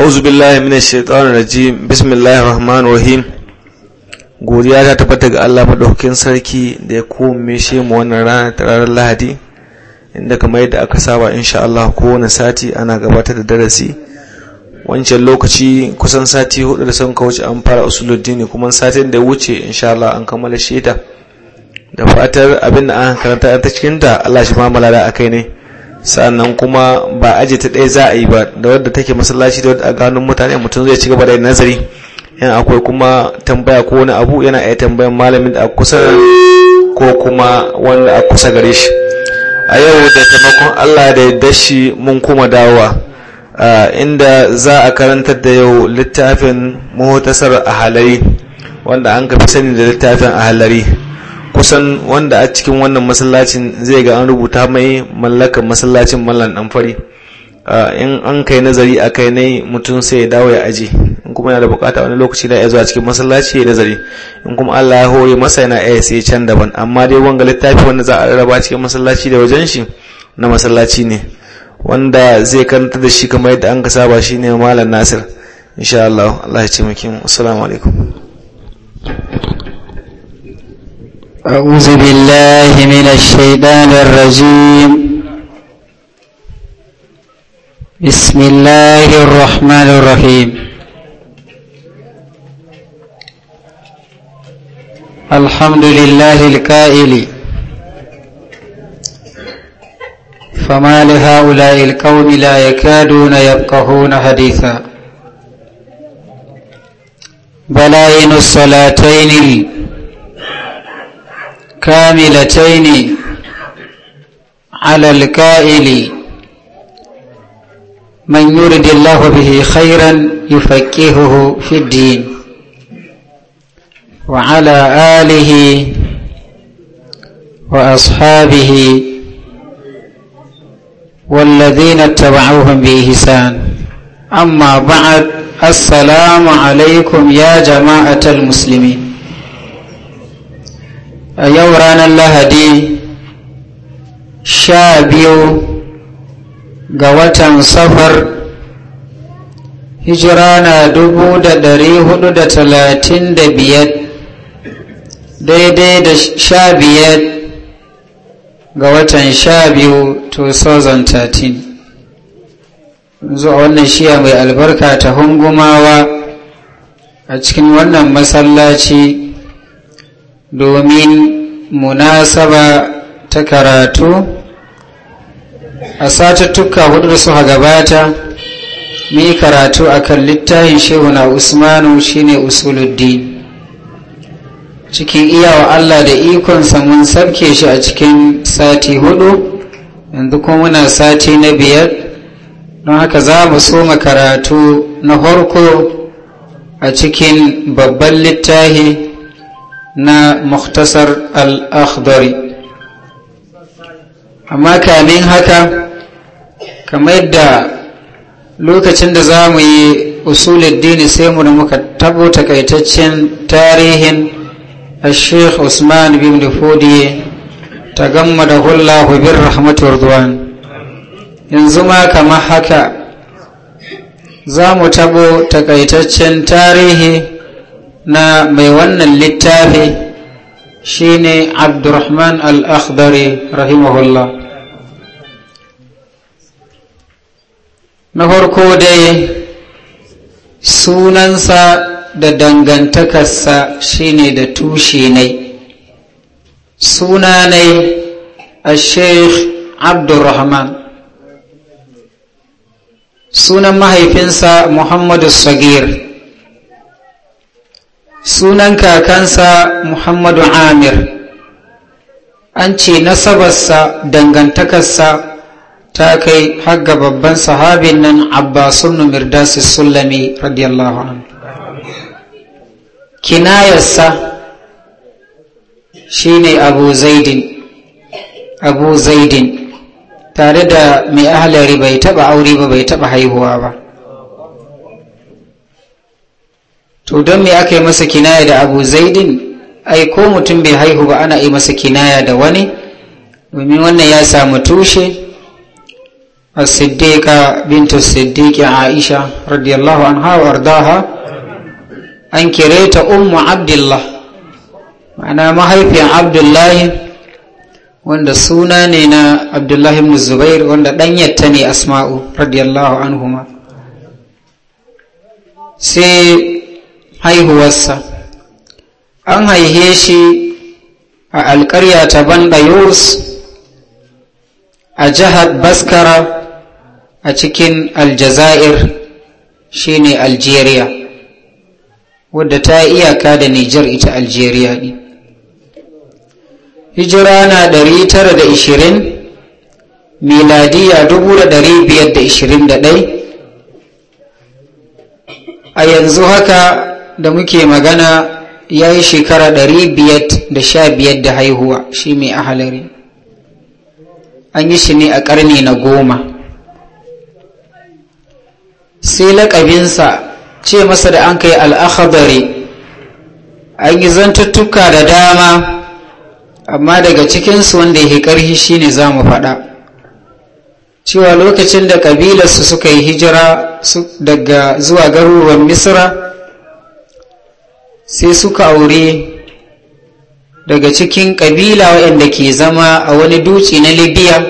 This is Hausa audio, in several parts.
auzu billahi min shaitanir raji bismillahir rahmanir rahim godiya ta tabbata ga Allah madaukakin sarki da ya kome shi mu wannan ranar Lahadi inda kamar yadda aka saba insha Allah kowane sati ana gabatar da darasi wancan lokaci kusan sati hudu da sun wuce an fara usuluddini kuma satin da ya wuce insha Allah an kammala sheta da fatar abin da an karanta ta cikin ta Allah shi mamala da akai ne sannan kuma ba ajiye ta ɗaya za a yi ba da wadda take masallaci da wadda a ganin mutane mutum zai ci gaba da nazari yan akwai kuma tambaya ko wani abu yana iya tambayan malamin da a kusa ko kuma wanda a kusa gare shi a yau da taimakon allah da ya dashi mun kuma dawowa inda za a karantar da yau littafin muhutasar a halari wanda an ka fi sani da littafin a halari kusan wanda a cikin wannan masallacin zai ga an rubuta mai mallakan masallacin mallan dan fari in an kai nazari a kai ne mutum sai ya dawo ya aji in kuma yana da bukata wani lokaci na iya a cikin masallaci ya nazari in kuma Allah ya hore masa yana iya sai can daban amma dai wanga littafi wanda za a raba cikin masallaci da wajen shi na masallaci ne wanda zai karanta da shi kamar yadda an ka saba shi ne malam nasir insha Allah Allah ya ce mu assalamu alaikum أعوذ بالله من الشيطان الرجيم بسم الله الرحمن الرحيم الحمد لله الكائل فما لهؤلاء القوم لا يكادون يفقهون حديثا بلائن الصلاتين كاملتين على الكائل من يرد الله به خيرا يفكهه في الدين وعلى آله وأصحابه والذين اتبعوهم بإحسان أما بعد السلام عليكم يا جماعة المسلمين a yau ranar lahadi sha biyu ga watan safar hijira na dubu da dari hudu da talatin da biyar daidai da sha biyar ga watan sha biyu 2013 zuwa wannan shiya mai albarka ta hungumawa a cikin wannan masallaci domin munasaba ta karatu a satattuka hudu da suka gabata yi karatu a kan littahin shehuna usmanu shine usuluddin cikin iyawa allah da ikonsa mun sabke shi a cikin sati hudu yanzu kuma muna sati na biyar don haka za mu soma karatu na horko a cikin babban littafi na muktasar al-akhdari amma kamin haka kamar da lokacin da za mu yi usulun dini sai mu da muka tabo takaitaccen tarihin الشيخ عثمان بن فودي تغمده الله rahmatu والرضوان yanzu ma kamar haka za mu tabo takaitaccen tarihi na mai wannan littafi shine abdurrahman al-akhdari rahimahullah na farko dai sunansa da dangantakarsa shine da tushe ne suna ne a sheikh abdurrahman sunan mahaifinsa muhammadu sagir sunan kakansa muhammadu amir an ce nasabarsa dangantakarsa ta kai haga babban sahabin nan abbasun mirdasi sulami radiyallahu anhu kinayarsa ne abu zaidin abu zaidin tare da mai ahalari bai taba aure ba bai taba haihuwa ba to don me aka yi masa kinaya da abu zaidin ai ko mutum bai haihu ba ana yi masa kinaya da wani domin wannan ya samu tushe a siddika bintu siddiki aisha radiyallahu an wa ardaha an kire ta ummu abdullah ma'ana mahaifiyar abdullahi wanda suna ne na abdullahi ibn zubair wanda ɗanyatta ne asma'u radiyallahu anhuma sai haihuwarsa an haihe shi a alƙarya ta banda yurs a jihar baskara a cikin aljazair shine algeria wadda ta yi iyaka da nijar ita algeria ne hijira na 920 miladiya 521 a yanzu haka da muke magana ya yi shekara biyar da haihuwa shi mai ahalari an yi shi ne a ƙarni na goma sai laƙabinsa ce masa da an kai al'akhabari an yi zantuttuka da dama amma daga cikinsu wanda ya ƙarhi shi ne za mu faɗa cewa lokacin da ƙabilarsu suka yi hijira daga zuwa garuruwan Misira. sai suka aure daga cikin ƙabila waɗanda ke zama a wani duci na libya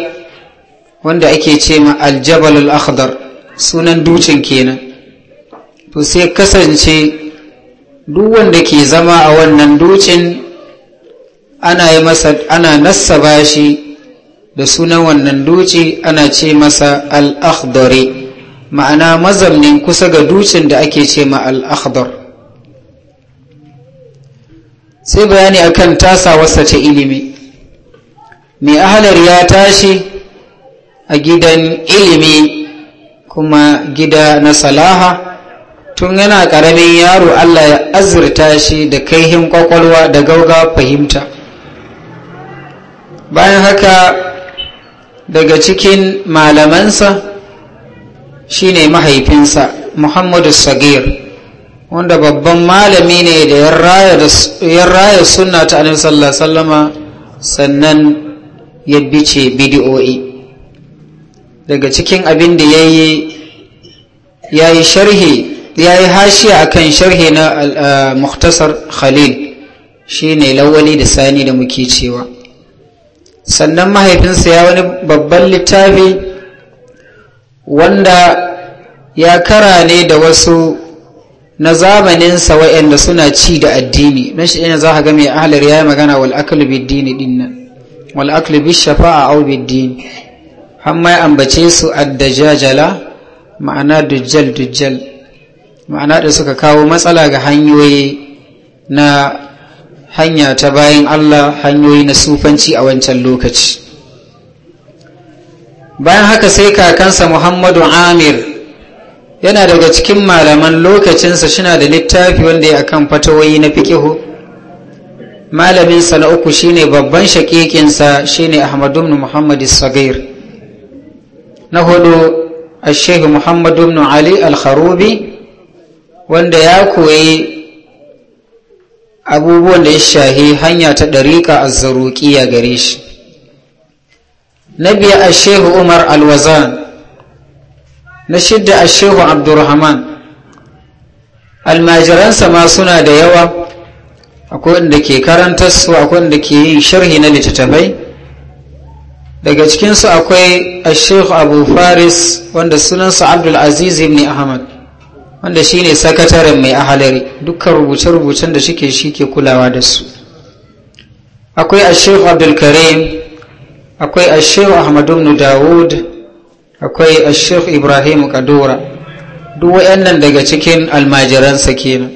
wanda ake ce ma al akhdar sunan ducin kenan to sai kasance duk wanda ke zama a wannan ducin ana yi masa ana nassaba shi da sunan wannan duci ana ce masa al-akhdari ma'ana mazamnin kusa ga ducin da ake ce ma al-akhdar sai bayani akan tasawarsa ta ilimi mai ahalar ya tashi a gidan ilimi kuma gida na salaha tun yana ƙaramin yaro allah ya azurta shi da kaihin ƙwaƙwalwa da gauga fahimta bayan haka daga cikin malamansa shine mahaifinsa muhammadu sagir wanda babban malami ne da ya raya suna ta annabi sallama sannan ya bice bidi'o'i daga cikin abin da ya yi ya yi sharhi ya yi sharhi na muktasar khalil shine lawali da sani da muke cewa sannan mahaifinsa ya wani babban littafi wanda ya kara ne da wasu na zamaninsa wa'anda suna ci da addini don shi ina za ka ga mai ahalar ya yi magana wal aklu biddini din nan wal aklu bi shafa'a bi dini har mai ambace su addajajala ma'ana dujjal dujjal ma'ana da suka kawo matsala ga hanyoyi na hanya ta bayan Allah hanyoyi na sufanci a wancan lokaci bayan haka sai kakansa muhammadu amir yana daga cikin malaman lokacinsa shina da littafi wanda ya akan fatawoyi na fikihu malaminsa na uku shine babban shakikinsa shine ahmadu ibn muhammad sagir na hudu ashehu muhammadu ibn ali al-kharubi wanda ya koyi abubuwan da ya shahi hanya ta ɗariƙa azzaruƙiya gare shi na biya ashehu umar al-wazan na shidda a shehu abdurrahman almajiransa ma suna da yawa akwai wanda ke karanta su akwai wanda ke yin sharhi na littattafai daga cikinsu akwai a shehu abu faris wanda sunansa abdul aziz ibn ahmad wanda shine sakataren mai ahalari dukkan rubuce-rubucen da shike shi ke kulawa da su akwai a shehu abdul karim akwai a shehu ahmadu dawud akwai ashek ibrahim kadura duk wayannan daga cikin almajiransa kenan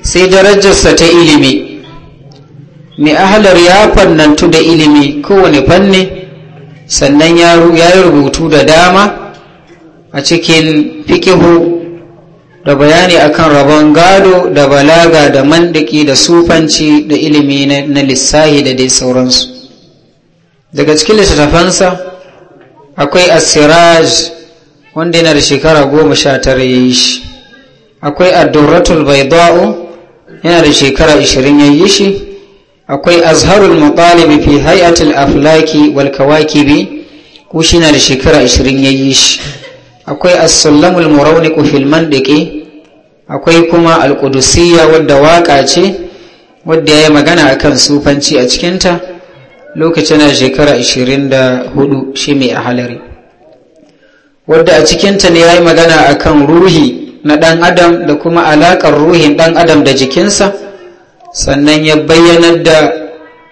sai darajarsa ta ilimi mai ahalar ya fannantu da ilimi kowane fanni sannan ya yi rubutu da dama a cikin fikihu da bayani akan rabon gado da balaga da mandiki da sufanci da ilimi na lissahi da dai sauransu daga cikin littattafansa akwai asiraj wanda yana da shekara goma sha tara ya yi shi akwai addurratul baida'u yana da shekara ishirin ya yi shi akwai azharul muqalibi fi hay'atul aflaki wal kawakibi ko shi na da shekara ishirin ya yi shi akwai asallamul murauni murawniqu fil mandiki akwai kuma alkudusiya wadda waka ce wadda ya yi magana akan sufanci a cikinta lokacin na shekara 24 shi mai halari wadda a cikinta ne ya yi magana a kan ruhi na ɗan adam da kuma alaƙar ruhin ɗan adam da jikinsa sannan ya bayyanar da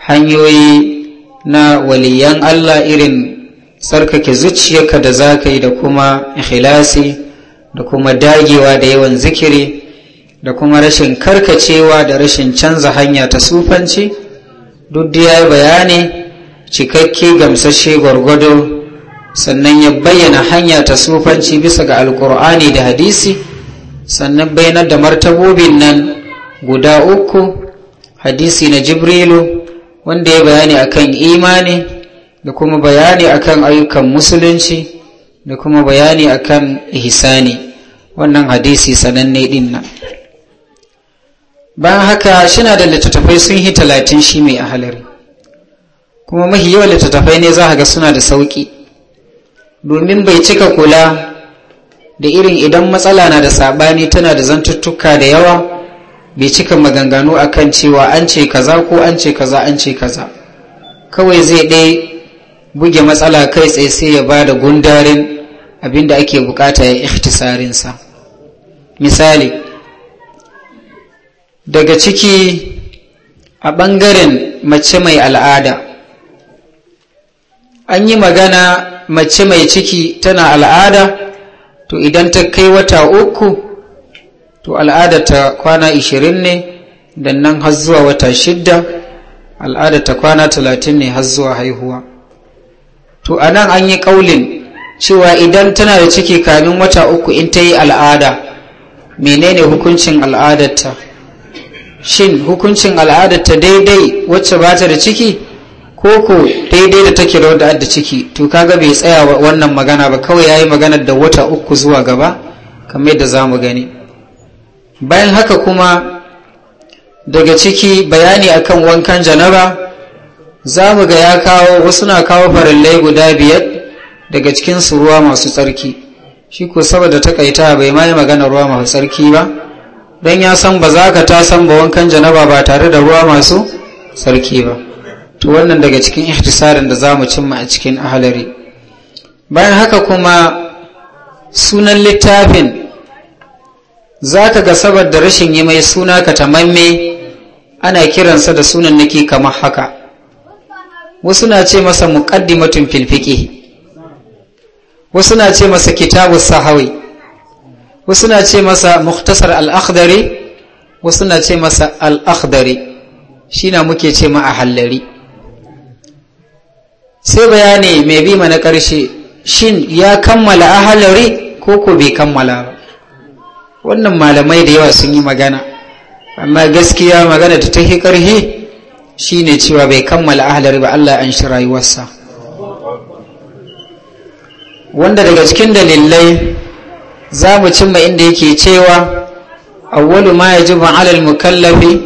hanyoyi na waliyan Allah irin tsarkake zuciyarka da za ka yi da kuma Ikhilasi, da kuma dagewa da yawan zikiri da kuma rashin karkacewa da rashin canza hanya ta sufanci. duk da ya yi bayani cikakke gamsashe gwargwado sannan ya bayyana hanya ta sufanci bisa ga alkur'ani da hadisi sannan bayanar da martabobin nan guda uku hadisi na jibrilu wanda ya bayani akan imani da kuma bayani akan ayyukan musulunci da kuma bayani akan ihsani wannan hadisi sananne din bayan haka shina da littattafai sun yi talatin shi mai ahalari kuma mahi yawan littattafai ne za a ga suna da sauƙi domin bai cika kula da irin idan matsala na da saɓani tana da zantuttuka da yawa bai cika maganganu a kan cewa an ce kaza ko an ce kaza an ce kaza kawai zai ɗaya buge matsala kai tsaye sai ya ba da gundarin abinda ake bukata ya ikhtisarinsa misali daga ciki a ɓangaren mace mai al'ada an yi magana mace mai ciki tana al'ada to idan ta kai wata uku to al'ada ta kwana ishirin ne da nan har zuwa wata shidda al'ada ta kwana talatin ne har zuwa haihuwa to a nan an yi ƙaulin cewa idan tana da ciki kamin wata uku in ta yi al'ada menene hukuncin al'adarta shin hukuncin al'adar ta daidai wacce ba ta da ciki ko ko daidai da take da wadda da ciki to kaga bai tsaya wannan magana ba kawai yayi magana da wata uku zuwa gaba kamar yadda za gani bayan haka kuma daga ciki bayani akan wankan janaba za mu ga ya kawo wasu na kawo farillai guda biyar daga cikin su ruwa masu tsarki shi ko saboda takaita bai ma yi magana ruwa masu tsarki ba don ya san ba za ka ta san ba wankan janaba ba tare da ruwa masu sarki ba to wannan daga cikin ihtisarin da za mu cimma a cikin ahalari bayan haka kuma sunan littafin za ka ga saboda rashin yi mai suna ka tamamme ana kiransa da sunan nake kamar haka wasu na ce masa muƙaddimatun filfiƙe wasu na ce masa kitabun sahawi wasu na ce masa muktasar al'akhdari wasu na ce masa al'akhdari shi na muke ce ma a hallari sai bayani mai bi mana ƙarshe shin ya kammala a hallari ko ko bai kammala ba wannan malamai da yawa sun yi magana amma gaskiya magana ta ta ƙarhi shi ne cewa bai kammala a hallari ba Allah an shi rayuwarsa wanda daga cikin dalilai za mu cimma inda yake cewa awwalu ma yajibu ala al-mukallafi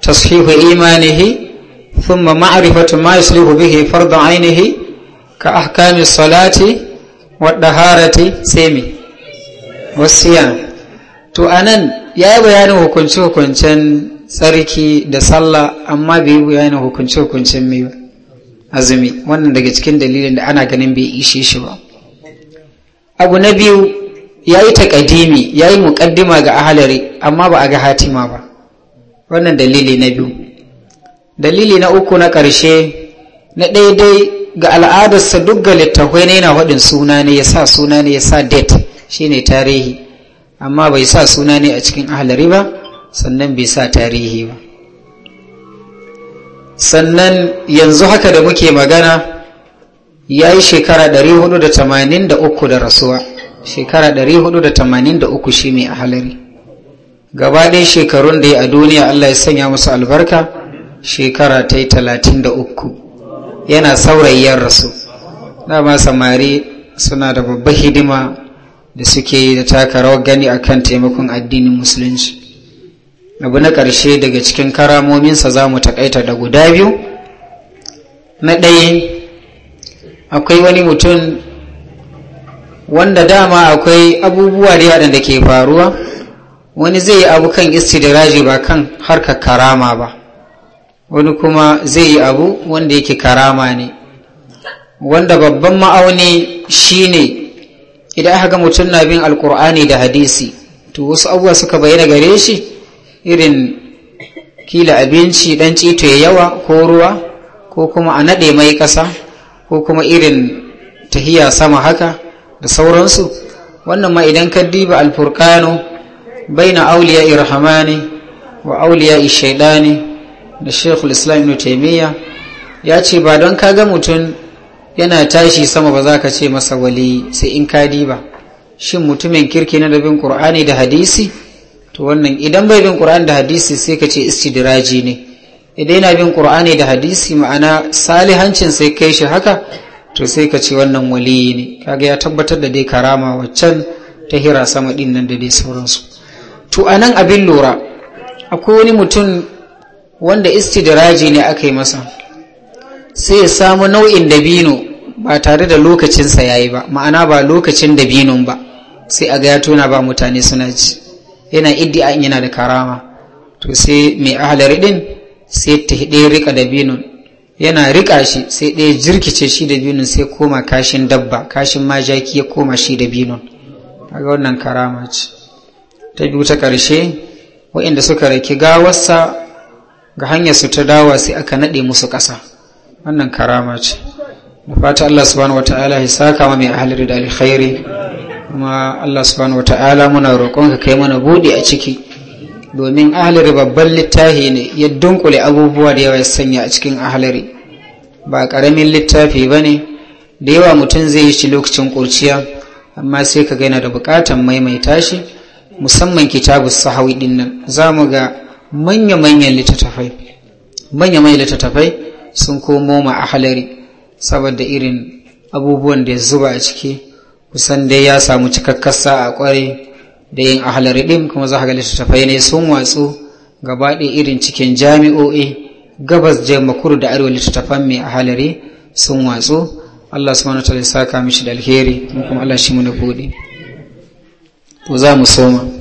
tashihu imanihi thumma ma'rifatu ma yuslihu bihi fardu ainihi ka ahkami salati wa daharati semi wasiya to anan yi bayanin hukunce hukuncen tsarki da sallah amma bai yi bayanin hukunce hukuncen mai azumi wannan daga cikin dalilin da ana ganin bai ishe shi ba abu na biyu ya yi taƙadimi ya yi muƙaddima ga ahalari amma ba a ga hatima ba wannan dalili na biyu dalili na uku na ƙarshe na daidai ga al'adarsa duk ga littafai ne yana haɗin suna ne ya sa suna ne ya sa date shine tarihi amma bai sa suna ne a cikin ahalari ba sannan bai sa tarihi ba sannan yanzu haka da muke magana ya yi shekara 483 da rasuwa shekara 483 shi ne a halari gaba ɗaya shekarun da ya a duniya Allah ya sanya musu albarka shekara ta yi 33 yana saurayyar rasu dama samari suna da babbar hidima da suke yi da taka rawar gani a kan taimakon addinin musulunci abu na ƙarshe daga cikin karamominsa za mu taƙaita da guda biyu na ɗaya akwai wani mutum wanda dama akwai abubuwa da yadda ke faruwa wani zai yi abu kan istidiraji ba kan harkar karama ba wani kuma zai yi abu wanda yake karama ne wanda babban ma'auni shine idan aka ga mutum na bin alkur'ani da hadisi to wasu abuwa suka bayyana gare shi irin kila abinci dan cito ya yawa ko ruwa ko kuma a naɗe mai ƙasa ko kuma irin tahiya sama haka da sauransu wannan ma idan ka diba alfurkano baina auliya irhamani wa auliya shaidani da shekul islam ibn taimiyya ya ce ba don ka ga mutum yana tashi sama ba za ka ce masa wali sai in ka diba shin mutumin kirki na dabin qur'ani da hadisi to wannan idan bai bin ƙur'ani da hadisi sai ka ce istidraji ne idan yana bin qur'ani da hadisi ma'ana salihancin sai kai shi haka to sai ka ce wannan waliyi ne kaga ya tabbatar da dai karama waccan ta hira sama din nan da dai sauransu to a nan abin lura akwai wani mutum wanda istidiraji ne aka yi masa sai ya samu nau'in dabino ba tare da lokacinsa ya yi ba ma'ana ba lokacin dabinon ba sai a gaya ya tona ba mutane suna ci yana iddia yana da karama to sai mai ahalar din sai ta hidin rika dabinon yana riƙa shi sai ɗaya jirkice shi da biyun sai koma kashin dabba kashin majaki ya koma shi da biyun kaga wannan karama ce ta biyu ta ƙarshe waɗanda suka raki gawarsa ga hanyar su ta dawa sai aka naɗe musu ƙasa wannan karama ce da fata Allah subhanahu wata'ala ya saka kama mai ahalar da alkhairi kuma Allah subhanahu wata'ala muna roƙon ka kai mana buɗe a ciki domin ahalari babban littafi ne ya dunkule abubuwa da yawa ya sanya a cikin ahalari ba ƙaramin littafi ba ne da yawa mutum zai yi shi lokacin kurciya amma sai ka gaina da buƙatar maimaita shi musamman kitabu sahawi ɗin nan za mu ga manya-manyan littattafai manya-manyan littattafai sun komo ma ahalari saboda irin abubuwan da ya zuba a ciki kusan dai ya samu cikakkasa a kwarai da yin ahalar ɗin kuma za ga littattafai ne sun watsu gaba gabaɗe irin cikin jami'o'i gabas jemma kudu da arewa littattafan mai ahalari sun watsu Allah subhanahu wataala ya saka mishi da alheri kuma Allah shi mu na bude to za mu soma